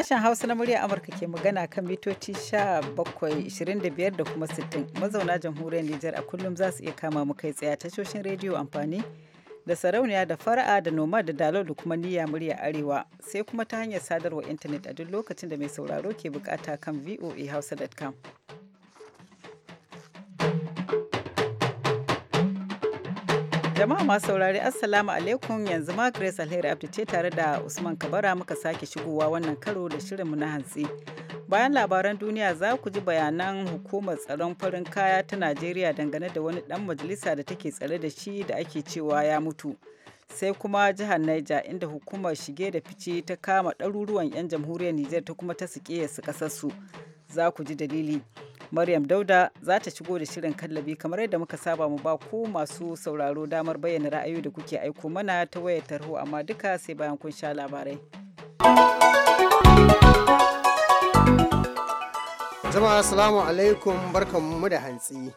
Sashen Hausa na murya Amurka ke magana kan mitoci 1725 da kuma 60 mazauna jamhuriyar Nijar a kullum za su iya kama mu kai tsaye tashoshin rediyo amfani da sarauniya da fara'a da noma da dalo da kuma niyya murya arewa sai kuma ta hanyar sadarwa intanet a duk lokacin da mai sauraro ke bukata kan voahausa.com. Jama'a masu saurari Assalamu alaikum yanzu ma Grace Alheri Abdu ce tare da Usman Kabara muka sake shigowa wannan karo da shirinmu na hantsi. Bayan labaran duniya za ku ji bayanan hukumar tsaron farin kaya ta Najeriya dangane da wani dan majalisa da take tsare da shi da ake cewa ya mutu. Sai kuma jihar Niger inda hukumar shige da fice ta kama ɗaruruwan 'yan jamhuriyar niger ta kuma ta sike su kasarsu. Za ku ji dalili. Maryam Dauda za ta shigo da shirin kallabi kamar yadda muka saba mu ba ku masu sauraro damar bayyana ra'ayoyi da kuke aiko mana ta wayar tarho amma duka sai bayan kun sha labarai. Jama'a assalamu alaikum barkanmu da hantsi.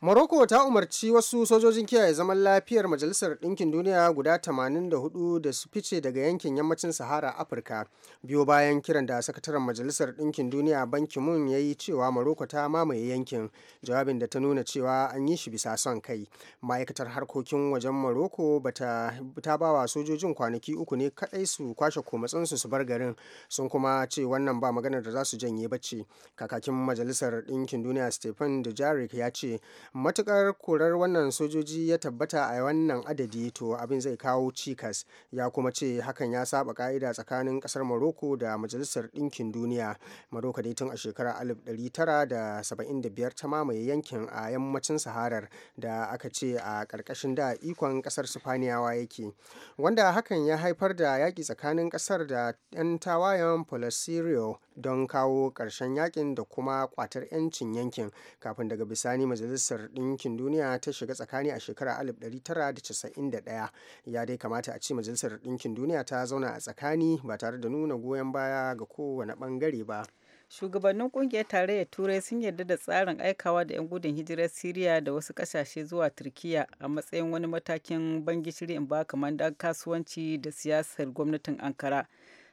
Morocco ta umarci wasu sojojin kiyaye zaman lafiyar Majalisar Ɗinkin Duniya guda 84 da su fice daga yankin yammacin Sahara Afirka. Biyo bayan kiran da sakataren Majalisar Ɗinkin Duniya Ban Ki-moon ya yi cewa Morocco ta mamaye yankin, jawabin da ta nuna cewa an yi shi bisa son kai. Ma'aikatar harkokin wajen Morocco ta ba wa sojojin kwanaki uku ne kaɗai su kwashe komatsansu su bar garin, sun kuma ce wannan ba maganar da za su janye bacci. Kakakin Majalisar Ɗinkin Duniya Stephen Dujarric ya ce matukar korar wannan sojoji ya tabbata a wannan adadi to abin zai kawo cikas ya kuma ce hakan ya saba ka'ida tsakanin kasar maroko da Majalisar Ɗinkin Duniya. maroko dai tun a shekarar 1975 ta mamaye yankin a yammacin Saharar da aka ce a ƙarƙashin da ikon kasar Sifaniyawa yake. Wanda hakan ya haifar da yaƙi tsakanin kasar da 'yan tawayen Polisario don kawo ƙarshen yakin da kuma kwatar 'yancin yankin kafin daga bisani majalisar majalisar ɗinkin duniya ta shiga tsakani a shekarar 1991 ya dai kamata a ce majalisar ɗinkin duniya ta zauna a tsakani ba tare da nuna goyon baya ga kowane bangare ba shugabannin kungiyar tarayyar turai sun yarda da tsarin aikawa da 'yan gudun hijirar siriya da wasu kasashe zuwa turkiya a matsayin wani matakin ban in ba kamar kasuwanci da siyasar gwamnatin ankara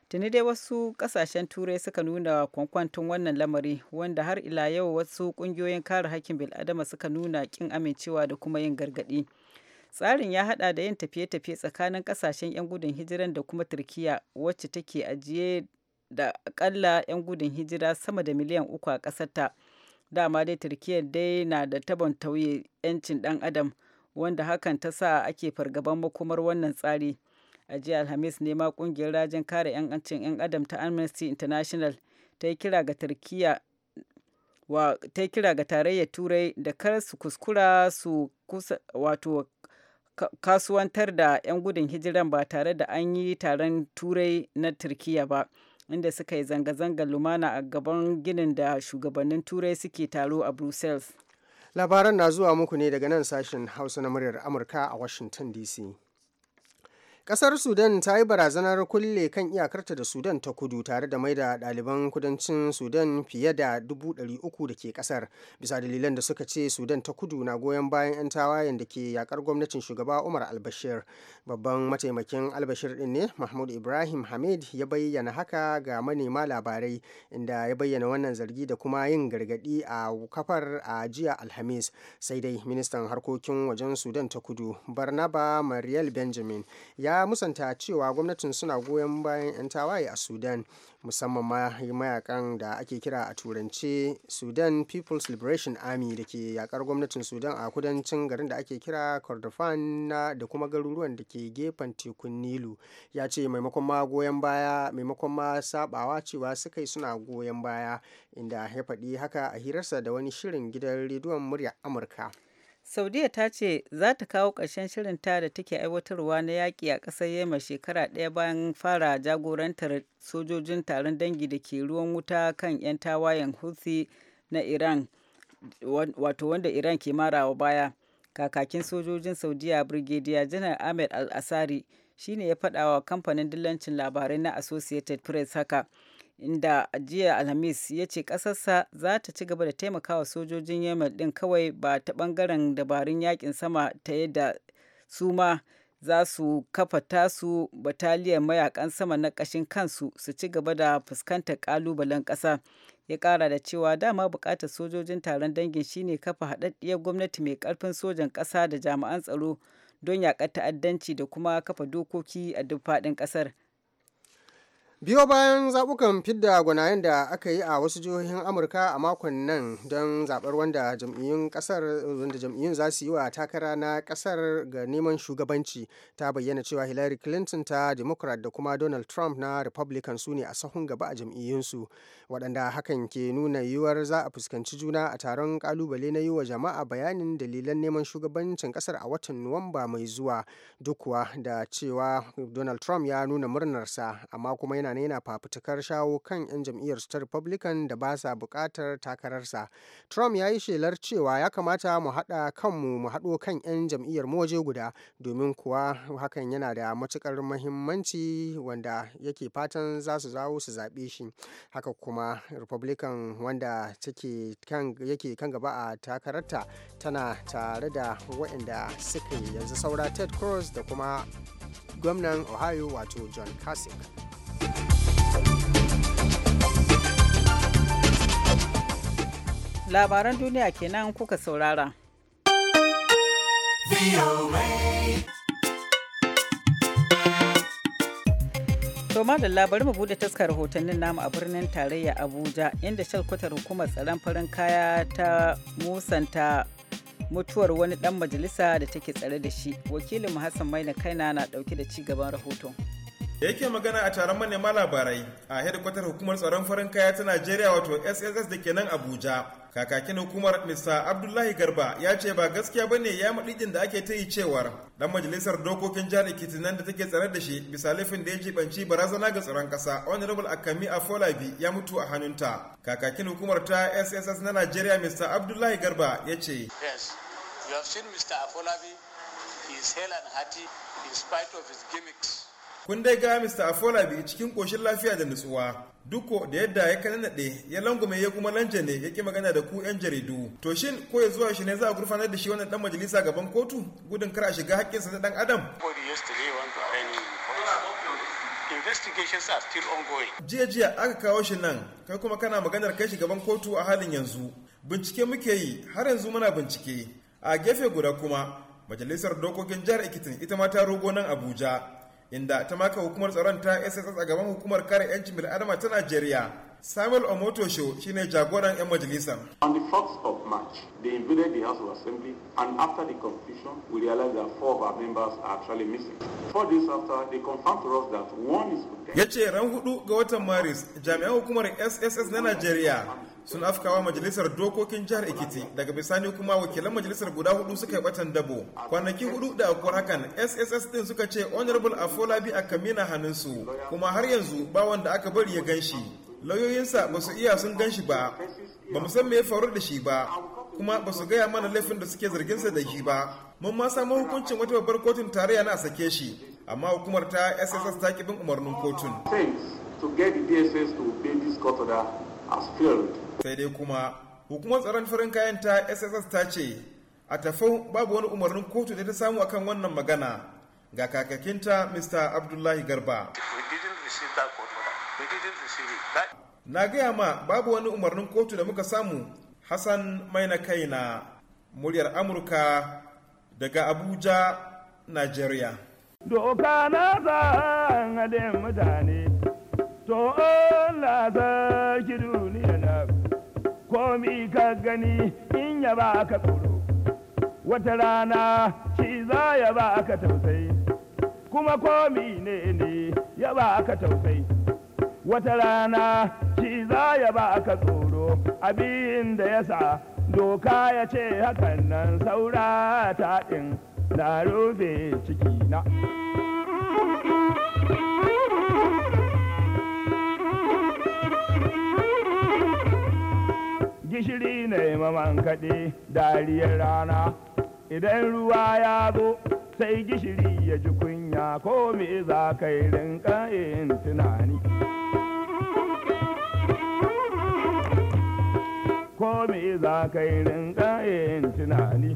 tuni dai wasu kasashen turai suka nuna kwankwantun wannan lamari wanda har ila yau wasu kungiyoyin kare hakkin bil'adama suka nuna kin amincewa da kuma yin gargadi tsarin ya hada da yin tafiye-tafiye tsakanin kasashen 'yan gudun hijiran da kuma turkiya wacce take ajiye da akalla 'yan gudun hijira sama da miliyan uku a ƙasarta dama dai turkiya dai na da tabon tauye 'yancin dan adam wanda hakan ta sa ake fargaban makomar wannan tsari a jiya alhamis ne ma kungiyar rajin kare 'yancin 'yan adam ta amnesty international ta yi kira ga turkiya wa tarayyar turai da kar su kuskura su wato kasuwantar da 'yan gudun hijiran ba tare da an yi taron turai na turkiya ba inda suka yi zanga-zangar lumana a gaban ginin da shugabannin turai suke taro a brussels labaran na zuwa muku ne daga nan sashen hausa na muryar amurka a washington dc Kasar Sudan ta yi barazanar kulle kan iyakarta da Sudan ta kudu tare da maida ɗaliban kudancin Sudan fiye da 300 da ke kasar bisa dalilan da suka ce Sudan ta kudu na goyon bayan 'yan tawayen da ke yakar gwamnatin shugaba Umar albashir Babban mataimakin albashir ɗin ne Mahmud Ibrahim Hamid ya bayyana haka ga manema labarai inda ya bayyana wannan zargi da kuma yin gargadi a kafar a jiya Alhamis sai dai ministan harkokin wajen Sudan ta kudu Barnaba Mariel Benjamin ya ya musanta cewa gwamnatin suna goyon bayan 'yan tawaye a sudan musamman ma mayakan da ake kira a turance sudan people's liberation army da ke yakar gwamnatin sudan a kudancin garin da ake kira kordofan da kuma garuruwan da ke gefen tekun nilu ya ce maimakon ma goyon baya maimakon ma sabawa cewa suka yi suna goyon baya inda ya faɗi haka a hirarsa da wani shirin gidan rediyon murya amurka Saudiya ta ce za ta kawo ƙarshen shirinta da take aiwatarwa na yaƙi a ƙasar Yemen shekara ɗaya bayan fara jagorantar sojojin taron dangi da ke ruwan wuta kan 'yan tawayen Houthi na Iran, wato wanda Iran ke marawa baya. Kakakin sojojin Saudiya Brigadier Janar Ahmed Al-Asari shi ne ya faɗawa kamfanin dillancin labarai na Associated Press haka. inda jiya alhamis ya ce ƙasarsa za ta ci gaba da taimakawa sojojin yemen din kawai ba ta bangaren dabarun yakin sama ta yadda su ma za su kafa tasu bataliyar mayakan sama na kashin kansu su ci gaba da fuskantar ƙalubalen ƙasa ya ƙara da cewa dama bukatar sojojin taron dangin shine kafa haɗaɗɗiyar gwamnati mai ƙarfin sojan ƙasa da jami'an tsaro don yaƙar ta'addanci da kuma kafa dokoki a duk faɗin ƙasar biyo bayan zaɓukan fidda gwanayen da aka yi a wasu jihohin amurka a makon nan don zabar wanda jam'iyyun ƙasar wanda jam'iyyun za su yi wa takara na ƙasar ga neman shugabanci ta bayyana cewa hillary clinton ta democrat da kuma donald trump na republican su ne a sahun gaba a jam'iyyunsu waɗanda hakan ke nuna yiwuwar za a fuskanci juna a taron kalubale na yi wa jama'a bayanin dalilan neman shugabancin ƙasar a watan nuwamba mai zuwa duk kuwa da cewa donald trump ya nuna murnarsa amma kuma yana ne yana fafutukar shawo kan 'yan jam'iyyar ta Republican da ba sa bukatar takararsa. Trump ya yi shelar cewa ya kamata mu haɗa kanmu mu haɗo kan 'yan jam'iyyar mu guda domin kuwa hakan yana da matukar muhimmanci wanda yake fatan za su zawo su zaɓe shi. Haka kuma Republican wanda take kan yake kan gaba a takararta tana tare da waɗanda suka yanzu saura Ted Cruz da kuma gwamnan Ohio wato John Kasich. labaran duniya kenan kuka saurara. To da bari mu bude taskar rahotannin namu a birnin tarayya Abuja inda shalkutar hukumar tsaron farin kaya ta musanta mutuwar wani dan majalisa da take tsare da shi. Wakilin Hassan Maina Kaina na dauke da ci gaban rahoton. da yake magana a taron manema labarai a hedikwatar hukumar tsaron farin kaya ta najeriya wato sss da ke nan abuja kakakin hukumar mr abdullahi garba ya ce ba gaskiya ba ne ya maɗiɗin da ake ta yi cewar dan majalisar dokokin jihar ekiti nan da take tsare da shi bisa laifin da ya jibanci barazana ga tsaron ƙasa honorable akami afolabi ya mutu a hannunta kakakin hukumar ta sss na najeriya mr abdullahi garba ya ce yes mr afolabi he is hale and in spite of his gimmicks Kun dai ga Mr. Afolabi cikin koshin lafiya da nutsuwa. Duko da yadda ya kananaɗe ya langume ya kuma lanje ne ya ki magana da ku 'yan jaridu. To shin ko ya zuwa shi ne za a gurfanar da shi wannan ɗan majalisa gaban kotu gudun kar a shiga haƙƙinsa na ɗan adam? investigations are still ongoing. Jiya jiya aka kawo shi nan, kai kuma kana maganar kai shi gaban kotu a halin yanzu. Bincike muke yi, har yanzu muna bincike. A gefe guda kuma, Majalisar Dokokin Jihar Ikitin ita ma ta rogo nan Abuja. inda ta maka hukumar tsaron ta sss a gaban hukumar kare 'yancin bil'adama ta najeriya Samuel omotosho Show shine jagoran 'yan majalisar. On the 4th of March, they invaded the House of Assembly and after the confusion, we realized that four of our members are actually missing. Four days after, they confirmed to us that one is Ya ce ran hudu ga watan Maris, jami'an hukumar SSS na Najeriya sun afkawa majalisar dokokin jihar ikiti daga bisani kuma wakilan majalisar guda hudu suka yi batan dabo. Kwanaki hudu da akwai hakan SSS din suka ce Honorable Afolabi a kamina hannunsu kuma har yanzu ba wanda aka bari ya gan shi. lauyoyinsa ba su iya sun gan shi ba ba mu san me ya faru da shi ba kuma ba su gaya mana laifin da suke zargin sa da shi ba mun ma samu hukuncin wata babbar kotun tarayya na sake shi amma hukumar ta sss ta kibin umarnin kotun sai dai kuma hukumar tsaron farin kayan ta sss ta ce a tafi babu wani umarnin kotu da ta samu akan wannan magana ga kakakinta mr abdullahi garba Na gaya ma babu wani umarnin kotu da muka samu Hassan mai kai na muryar Amurka daga Abuja, Najeriya. Doka na zan haɗin mutane, to Allah sarki duniya na komi ka gani in ya ba tsoro, wata rana shi za ya ba tausayi, kuma komi ne ne ya ba ka tausayi. wata rana shi za ya ba ka tsoro abin da ya sa doka ya ce hakan nan saura ta ɗin na rufe ciki na gishiri ne maman kaɗe dariyar rana idan ruwa ya zo sai gishiri ya ji kunya ko me za ka yi rinka yin tunani ko me za ka yi rinka yin tunani.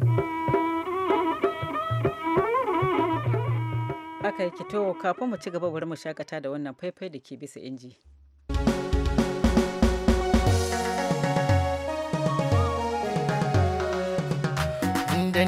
Aka yi kito kafin mu ci gaba bari mu shakata da wannan faifai da ke bisa inji. Dan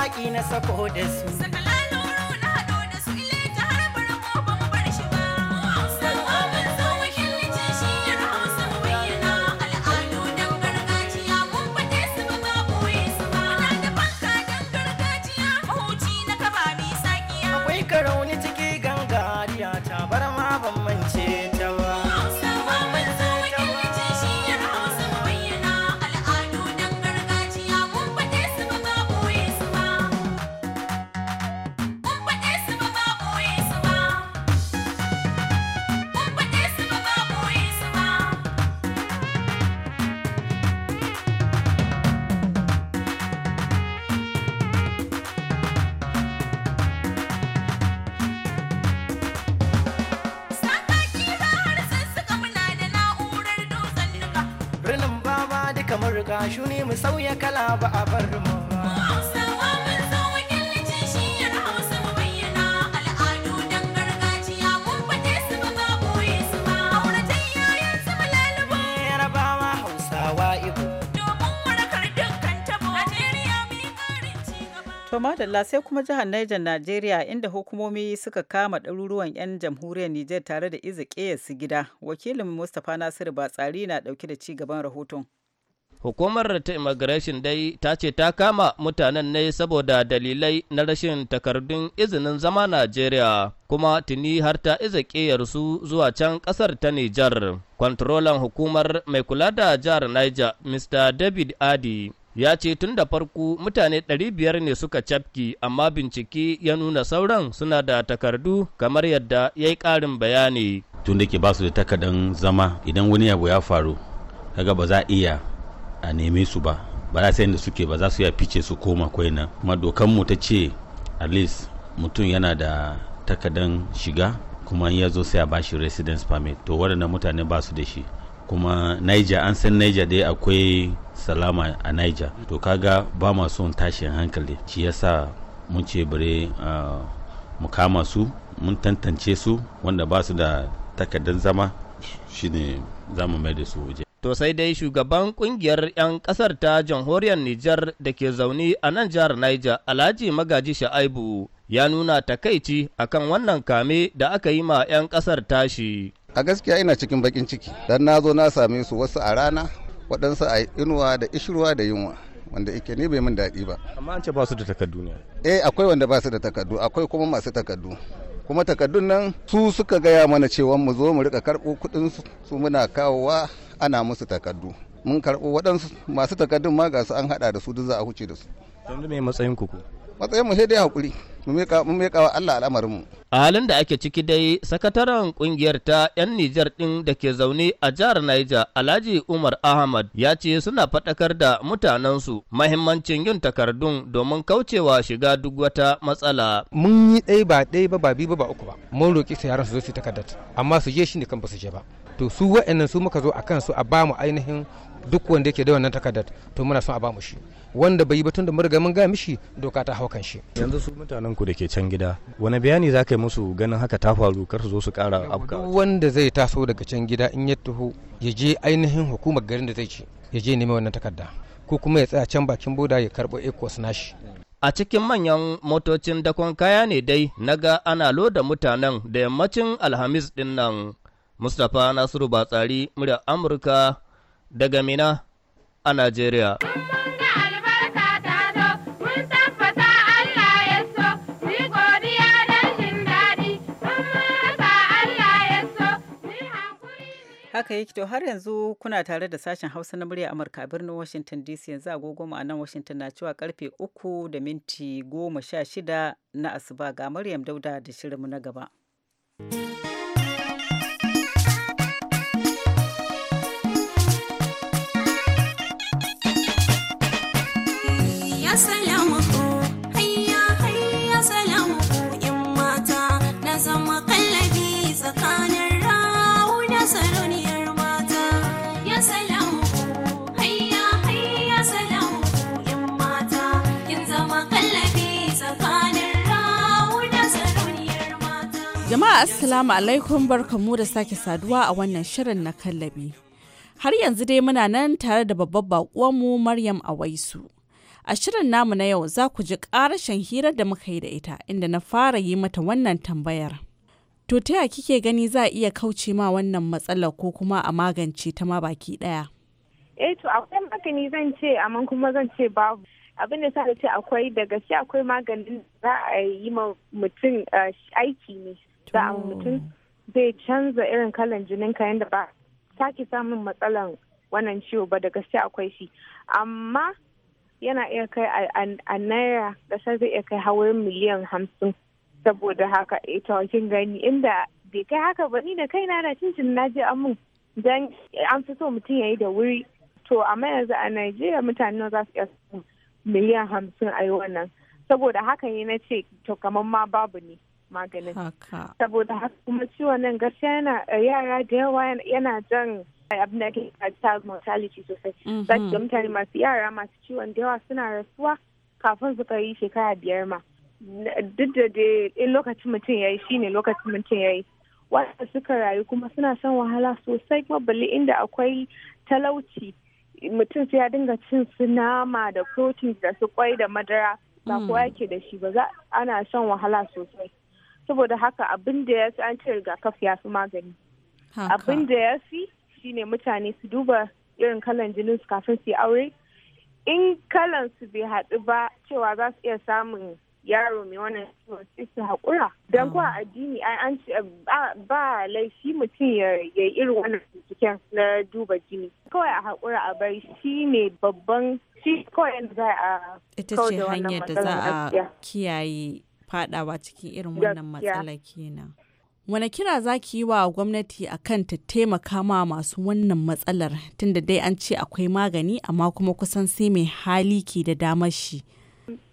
Aqui nessa sako da kamar gashu ne mu sauya kala ba a barin mu. Hausawa mun zama ƙirjin shi ya raha musu mabayana. Al'adu dan gargajiya mun baje su ba ka koyesu ba. Mahuratai ya yin su lalubo. ya raba wa Hausawa iku? Domin wani karɗin kan tabo. Najeriya mun yi ƙarin ci gaba. Tauma dalla sai kuma jiha na'ijan Najeriya inda hukumomi suka kama ɗaluruwan 'yan jamhuriyar nije tare da izi su gida, Wakilin Mustapha Nasiru Batsari na ɗauke da ci gaban rahoton. Hukumar ta immigration dai ta ce ta kama mutanen ne saboda dalilai na rashin takardun izinin zama Najeriya, kuma tuni har ta iza su zuwa can ƙasar ta Nijar. Kwantrolan hukumar mai kula da jihar Niger, Mr. David Adi, ya ce tun da farko mutane 500 ne suka cafki amma bincike ya nuna sauran suna da takardu kamar yadda ya yi ƙarin bayani. Tun da ke ba su da takardan zama idan wani abu ya faru, kaga ba za iya a neme su ba ba za su yadda suke ba za su ya fice su koma kwai nan kuma dokan mu ta ce at least mutum yana da takardan shiga kuma ya zo sai a bashi residence permit to waɗannan mutane ba su da shi kuma niger an san niger dai akwai salama a niger to kaga ba ma son tashin hankali shi yasa mun ce bare mu kama su mun tantance su wanda ba su da takardar zama shine za mu mai da su waje To sai dai shugaban kungiyar 'yan kasar ta jamhuriyar Nijar da ke zaune a nan jihar Niger Alhaji Magaji Sha'aibu ya nuna takaici akan wannan kame da aka yi ma 'yan ƙasar tashi. A gaskiya ina cikin bakin ciki, dan na zo na same su wasu a rana, waɗansu a inuwa da ishirwa da yunwa. wanda ike ne bai min daɗi ba. Amma an ce ba su da takardu ne. Eh akwai wanda ba su da takardu, akwai kuma masu takardu. kuma takardun nan su suka gaya mana cewa mu zo mu rika karɓo kuɗin su muna kawowa ana musu takardu mun karɓo waɗansu masu takardun ma ga su an haɗa da su duk za a huce da su. Yanzu me matsayin ku? matsayin mu sai dai hakuri mu meka wa Allah al'amarin mu a halin da ake ciki dai sakataren kungiyar ta yan Nijar din da ke zaune a jihar Niger Alhaji Umar Ahmad ya ce suna faɗakar da su mahimmancin yin takardun domin kaucewa shiga duk wata matsala mun yi dai ba dai ba ba biyu ba uku ba mun roƙi su yaran su zo su takardar amma su je shi ne kan ba su je ba to su wa'annan su muka zo a kansu a bamu ainihin duk wanda yake da wannan takardar to muna son a bamu shi wanda bai yi ba tunda mun gaya mun ga mishi doka ta haukan shi yanzu su mutanen ku da ke can gida wani bayani za ka yi musu ganin haka ta faru kar su zo su kara afka wanda zai taso daga can gida in ya taho ya je ainihin hukumar garin da zai ci ya je neman wannan takarda ko kuma ya tsaya can bakin boda ya karɓo ecos nashi a cikin manyan motocin dakon kaya ne dai na ga ana loda mutanen da yammacin alhamis din nan mustapha nasiru batsari murya amurka daga mina a najeriya Haka yake to har yanzu kuna tare da sashen Hausa na murya Amurka birnin Washington DC yanzu agogon mu a nan Washington na cewa karfe uku da minti goma sha shida na asuba ga Maryam Dauda da shirinmu na gaba. Assalamu alaikum barkamu da sake saduwa a wannan shirin na kallabi. Har yanzu dai muna nan tare da babbar mu Maryam Awaisu. A shirin namu na yau za ku ji ƙarashin hirar da muka yi da ita inda na fara yi mata wannan tambayar. To ta kike gani za a iya kauce ma wannan matsalar ko kuma a magance ta ma baki ɗaya? Eh to akwai magani zan ce amma kuma zan ce babu. abin da sa ce akwai da gaske akwai maganin za a yi ma mutum eh, aiki ne sa'an mutum zai canza irin kalan jinin ka yadda ba sake samun matsalan wannan ciwo ba da gaske akwai shi amma yana iya kai a naira da gasar zai iya kai hawan miliyan hamsin saboda haka ita eh kin gani inda bai kai haka ba ni da kaina na cincin na je amin dan an fi so mutum ya yi da wuri to amma yanzu a Najeriya mutane za su iya miliyan hamsin a yi wannan saboda haka ne na ce to kamar ma babu ne maganin saboda haka kuma ciwon nan gaskiya yana eh, yara da yawa yana jan eh, abin da ke child mortality sosai mhm. za ki mutane masu yara masu ciwon da yawa suna rasuwa kafin su kai shekara biyar ma duk da dai lokacin mutum ya yi shi ne lokacin mutum ya yi wanda suka rayu kuma suna shan wahala sosai kuma balle inda akwai talauci mutum sai ya dinga cin su nama da protein da su kwai da madara ba mm. kowa yake da shi ba za ana shan wahala sosai saboda haka abin da ya fi an ce rigakafi ya fi magani abin da ya fi shine mutane su duba irin kalan jinin su kafin su yi aure in kalan su bai haɗu ba cewa za su iya samun yaro mai wannan ciwon su haƙura don kuwa ah. addini an ce ba laifi mutum ya yi irin wannan binciken na duba jini kawai a haƙura a bari shi ne babban shi kawai za a ita ce hanyar da za a kiyaye fadawa cikin irin wannan matsala kenan. Wane kira za ki yi wa gwamnati a kan ta taimaka ma masu wannan matsalar tunda dai an ce akwai magani amma kuma kusan sai mai hali ke da damar shi.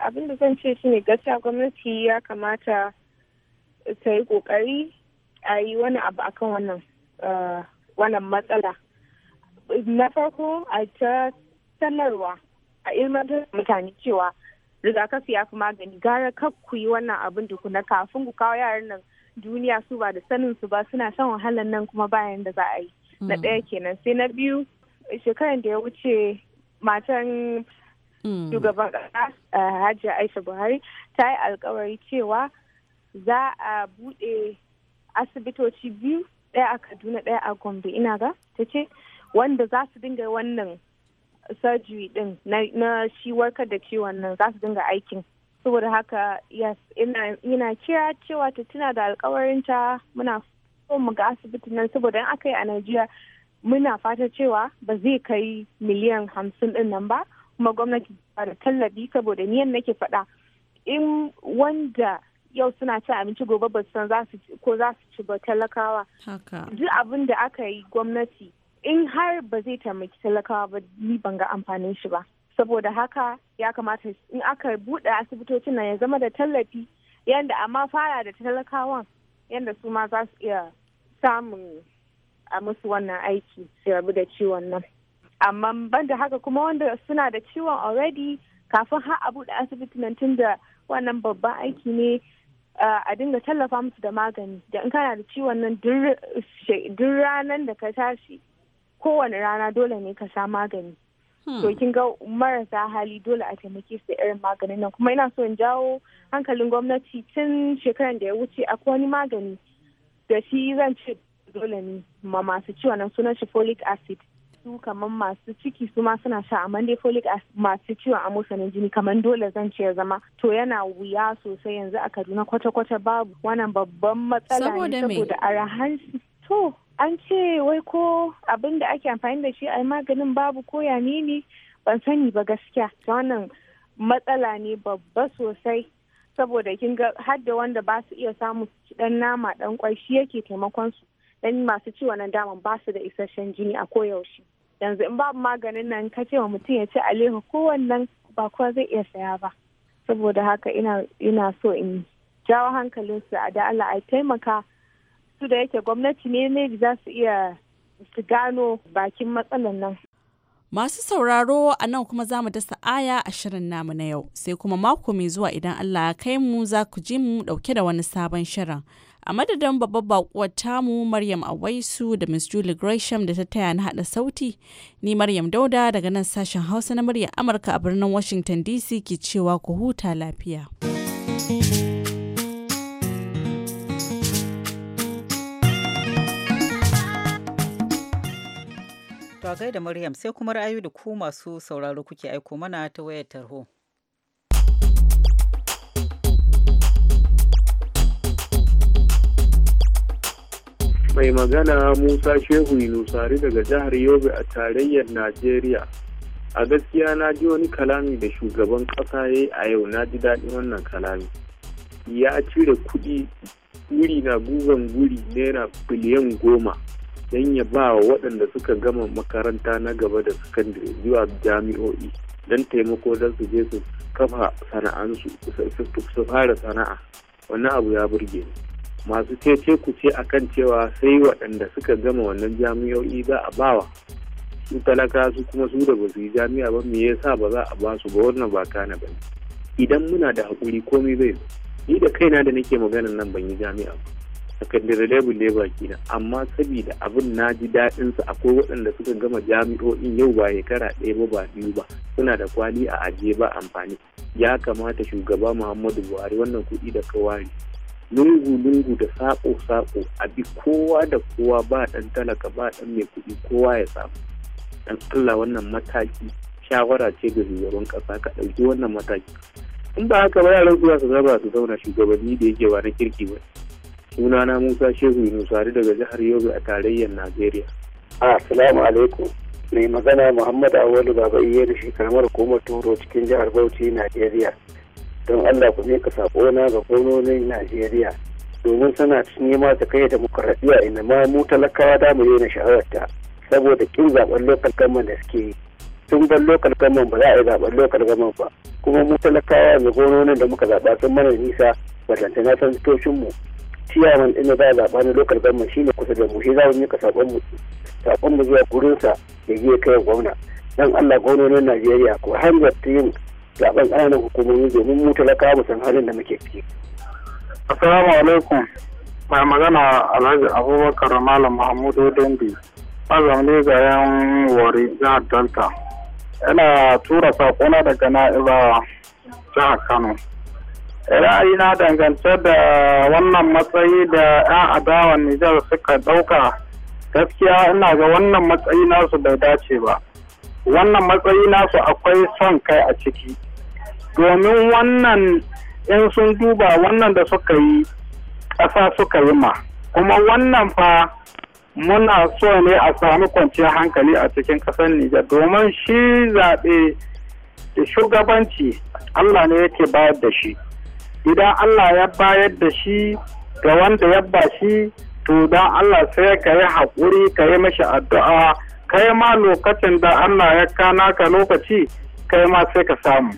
Abin da zan ce shi ne gaskiya gwamnati ya kamata ta yi kokari a yi wani abu akan wannan eh, wannan matsala. Na farko a ta sanarwa a ilmantar mutane cewa rigakafi ya fi magani gara kar ku yi wannan abin tukuna kafin ku kawo yaran nan duniya su ba da sanin su ba suna shan wahalan nan kuma bayan da za a yi na mm. ɗaya kenan sai na biyu shekaran da ya wuce matan mm. shugaban ƙasa eh, hajiya aisha buhari ta yi alkawari cewa za a buɗe asibitoci biyu ɗaya a kaduna ɗaya a gombe ina ga ta ce wanda za su dinga wannan surgery din na shi warkar da ciwon nan za su dinga aikin saboda haka yes ina kira cewa ta tuna da ta muna so mu ga asibitin nan saboda in aka yi a Najeriya muna fata cewa ba zai kai miliyan hamsin din nan ba kuma gwamnati ba da tallabi saboda ni niyan nake faɗa in wanda yau suna cin abinci gobe ba su san ko za su ci ba talakawa duk abin da aka yi gwamnati in har ba zai taimaki talakawa ba ni ban ga amfanin shi ba saboda haka ya kamata in aka buɗe asibitocin nan ya zama da tallafi yanda amma fara da talakawan yanda su ma za su iya samun a musu wannan aiki su rabu da ciwon nan amma ban da haka kuma wanda suna da ciwon already kafin har a buɗe asibiti nan tun da wannan babban aiki ne a dinga tallafa musu da magani da in kana da ciwon nan duk ranar da ka tashi kowane rana dole ne ka sha magani hmm. to kin ga marasa hali dole a taimake su da irin maganin nan kuma ina so in jawo hankalin gwamnati tun shekaran da ya wuce akwai wani magani da shi zan ci dole ne ma masu ciwon nan sunan shi folic acid su kamar masu ciki su ma suna sha amma dai folic acid masu ciwon amosanin jini kamar dole zan ce ya zama to yana wuya sosai yanzu a Kaduna kwata-kwata babu wannan babban matsala ne saboda arahan to an ce wai ko abin da ake amfani da shi a maganin babu ko ya ne ban sani ba gaskiya ta wannan matsala ne babba sosai saboda kin ga har wanda ba su iya samu dan nama dan kwai shi yake taimakon su dan masu ciwo nan daman ba su da isasshen jini a koyaushe yanzu in babu maganin nan ka ce wa mutum ya ci alehu kowannan ba kowa zai iya saya ba saboda haka ina ina so in jawo hankalin su a da Allah a taimaka su da yake gwamnati ne ne za su iya su gano bakin matsalan nan. Masu sauraro a nan kuma za mu dasa aya a shirin namu na yau sai kuma mako mai zuwa idan Allah ya kai mu za ku ji mu dauke da wani sabon shirin. A madadin babbar bakuwar tamu Maryam Awaisu da Miss Julie Gresham da ta taya na hada sauti, ni Maryam Dauda daga nan sashen Hausa na muryar Amurka a birnin Washington DC ke cewa ku huta lafiya. To da Maryam sai kuma ra'ayi da ku masu sauraro kuke aiko mana ta wayar tarho. Mai magana Musa Shehu Yunusari daga jihar Yobe a tarayyar Najeriya. A gaskiya na ji wani kalami da shugaban ƙasa ya a yau na ji daɗin wannan kalami. Ya cire kuɗi wuri na gugan guri naira biliyan goma. don ya ba wa waɗanda suka gama makaranta na gaba da sakandare zuwa jami'o'i don taimako don su je su kafa sana'ansu su fara sana'a wannan abu ya burge ni masu cece ku ce akan cewa sai waɗanda suka gama wannan jami'o'i za a bawa su talaka su kuma su da ba su yi jami'a ba me yasa ba za a ba su ba wannan ba kana ba idan muna da haƙuri komai zai ni da kaina da nake maganan nan ban yi jami'a ba sakandare level ne baki na amma saboda abin na ji daɗin su akwai waɗanda suka gama jami'o'in yau ba shekara ɗaya ba ba biyu ba suna da kwali a ajiye ba amfani ya kamata shugaba muhammadu buhari wannan kuɗi da kawari lungu-lungu da saƙo-saƙo a bi kowa da kowa ba ɗan talaka ba ɗan mai kuɗi kowa ya samu dan allah wannan mataki shawara ce ga shugaban ƙasa ka ɗauki wannan mataki in ba haka ba yaran su za su zaba su zauna shugabanni da yake ba na kirki ba sunana musa shehu musari daga jihar yobe a tarayyar najeriya assalamu ah, alaikum mai magana muhammad awali baba iya da shi karamar hukumar toro cikin jihar bauchi najeriya don allah ku saƙo na ga gwamnonin najeriya domin suna nema ta kai a inda ma mu talakawa da mu daina sha'awarta saboda kin zaɓen lokal gaman da suke yi tun ban lokal gaman ba za a yi zaɓen lokal gaman ba kuma mu talakawa da gononin da muka zaɓa sun mana nisa ba na san mu ciyaman ɗin za a zaɓa ni lokal government shine kusa da mu shi za mu mika saƙon mu saƙon mu zuwa gurinsa ya je kai gwamna dan Allah gwamnonin Najeriya ko hanyar ta yin zaɓen ƙananan hukumomi domin mu talaka mu san halin da muke ciki. Assalamu alaikum. Mai magana Alhaji Abubakar Malam Mahmudu Dambi. ne ga yan wari jihar Delta. Yana tura saƙona daga na'iba jihar Kano. ra'ayi na dangance da wannan matsayi da 'yan adawan Nijar suka ɗauka gaskiya ina ga wannan matsayi nasu bai dace ba wannan matsayi nasu akwai son kai a ciki domin wannan in sun duba wannan da suka yi ƙasa suka yi ma kuma wannan fa muna so ne a sami kwanciyar hankali a cikin ƙasar Nijar domin shi zaɓe shugabanci Allah ne yake bayar da shi. idan Allah ya bayar da shi ga wanda ya ba shi to dan Allah sai ka yi haƙuri ka yi mashi addu'a kai ma lokacin da Allah ya kana ka lokaci kai ma sai ka samu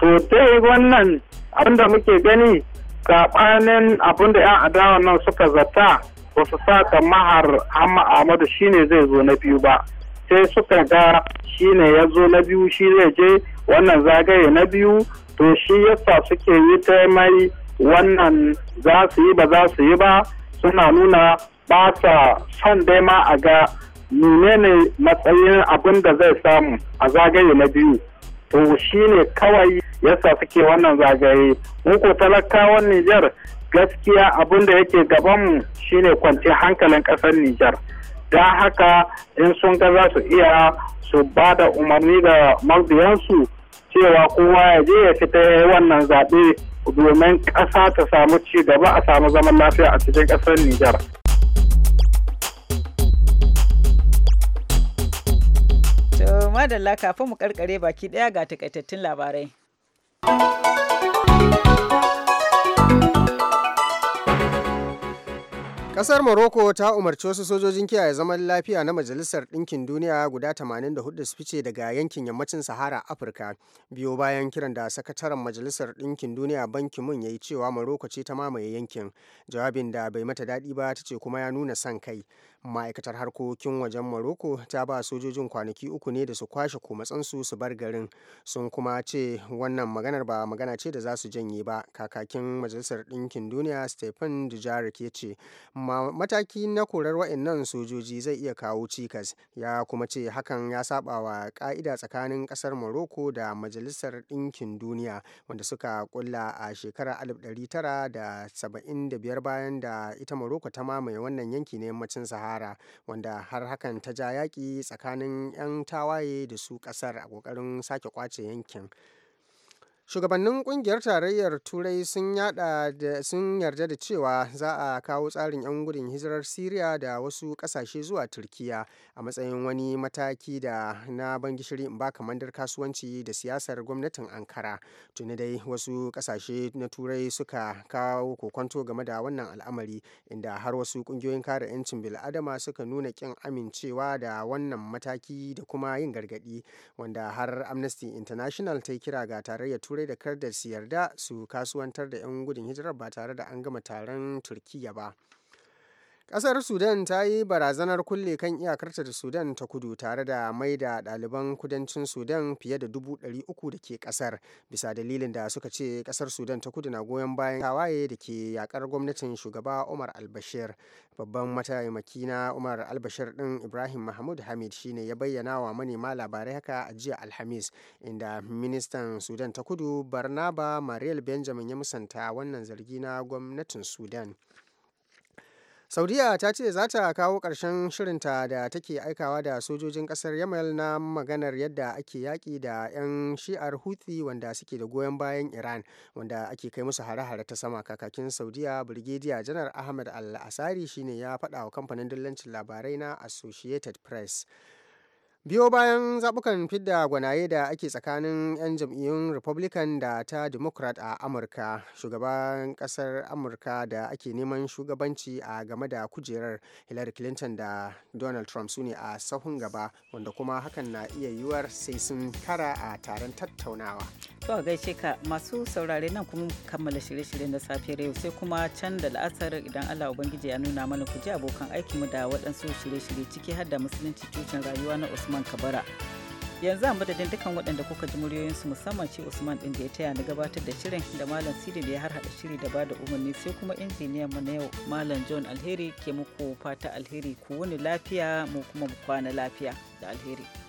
to dai wannan abinda muke gani saɓanin abin da 'yan adawa nan suka zata ba su sa mahar amma Ahmadu shine zai zo na biyu ba sai suka ga shine ya zo na biyu shi zai je wannan zagaye na biyu to shi yasa suke yi ta mai wannan za su yi ba za su yi ba suna nuna ba sa son dai ma a ga menene matsayin abin da zai samu a zagaye na biyu to shi ne kawai yasa suke wannan zagaye muku talakawan Nijar gaskiya abin da yake gabanmu shine kwanci hankalin ƙasar Nijar da haka in sun ga za su iya su ba da umarni ga mabiyansu cewa kowa ya je ya fita ya wannan zaɓe domin ƙasa ta samu ci gaba a samu zaman lafiya a cikin ƙasar Nijar. To madalla kafin mu karkare baki ɗaya ga takaitattun labarai. Kasar Morocco ta umarci wasu sojojin kiyaye zaman lafiya na Majalisar Ɗinkin Duniya guda 84 su fice daga yankin yammacin Sahara Afirka biyo bayan kiran da sakataren Majalisar Ɗinkin Duniya banki mun ya yi cewa Morocco ce ta mamaye yankin. Jawabin da bai mata daɗi ba ta ce kuma ya nuna son kai. ma'aikatar harkokin wajen maroko ta ba sojojin kwanaki uku ne da su kwashe komatsansu su bar garin sun kuma ce wannan maganar ba magana ce da za su janye ba kakakin majalisar ɗinkin duniya stephen dujarik ya ce mataki na korar wa'annan sojoji zai iya kawo cikas ya kuma ce hakan ya saba wa ka'ida tsakanin ƙasar maroko da majalisar ɗinkin duniya wanda suka kulla a shekarar biyar bayan da ita maroko ta mamaye wannan yanki na yammacin sahara sahara wanda har hakan ta ja yaƙi tsakanin 'yan tawaye da su ƙasar a ƙoƙarin sake ƙwace yankin Shugabannin kungiyar Tarayyar Turai sun yarda da cewa za a kawo tsarin 'yan gudun hijirar Siriya da wasu kasashe zuwa turkiya a matsayin wani mataki da na ban gishiri in ba kamandar kasuwanci da siyasar gwamnatin Ankara. Tuni dai wasu kasashe na Turai suka kawo kokonto game da wannan al'amari inda har wasu kungiyoyin kare 'yancin bil'adama suka nuna kin amincewa da wannan mataki da kuma yin gargadi wanda har Amnesty International ta kira ga Tarayyar Turai turai da kardar su yarda su kasuwantar da 'yan gudun hijirar ba tare da an gama taron turkiya ba Ƙasar Sudan ta yi barazanar kulle kan iyakarta da Sudan ta kudu tare da mai da ɗaliban kudancin Sudan fiye da dubu ɗari uku da ke ƙasar bisa dalilin da suka ce ƙasar Sudan ta kudu na goyon bayan tawaye da ke yakar gwamnatin shugaba Umar albashir Babban mataimaki na Umar albashir bashir ɗin Ibrahim Mahmud Hamid shine ya bayyana wa manema labarai haka a jiya Alhamis inda ministan Sudan ta kudu Barnaba Mariel Benjamin ya musanta wannan zargi na gwamnatin Sudan. Saudiya ta ce za ta kawo ƙarshen shirinta da take aikawa da sojojin ƙasar Yamal na maganar yadda ake yaƙi da 'yan shi'ar hutsi wanda suke da goyon bayan Iran wanda ake kai musu hare-hare ta sama kakakin Saudiya Birgediya Janar Ahmad Al-Asari shine ya faɗa wa kamfanin dillancin labarai na Associated Press. biyo bayan zaɓukan fidda gwanaye da ake tsakanin 'yan jam'iyyun republican da ta democrat a amurka shugaban ƙasar amurka da ake neman shugabanci a game da kujerar hillary clinton da donald trump su ne a sahun gaba wanda kuma hakan na iya yiwuwar sai sun kara a taron tattaunawa to a gaishe ka masu saurare nan kuma kammala shirye-shiryen da safiyar yau sai kuma can da la'asar idan allah ubangiji ya nuna mana ku ji abokan aikinmu da waɗansu shirye-shirye ciki har da musulunci cucin rayuwa na Usman Kabara. Yanzu a madadin dukkan waɗanda kuka ji muryoyinsu musamman ce Usman ɗin da ya taya na gabatar da shirin da Malam Sidi da ya haɗa shiri da bada umarni sai kuma injiniyan mu na yau Malam John Alheri ke muku fata alheri ku wuni lafiya mu kuma mu kwana lafiya da alheri.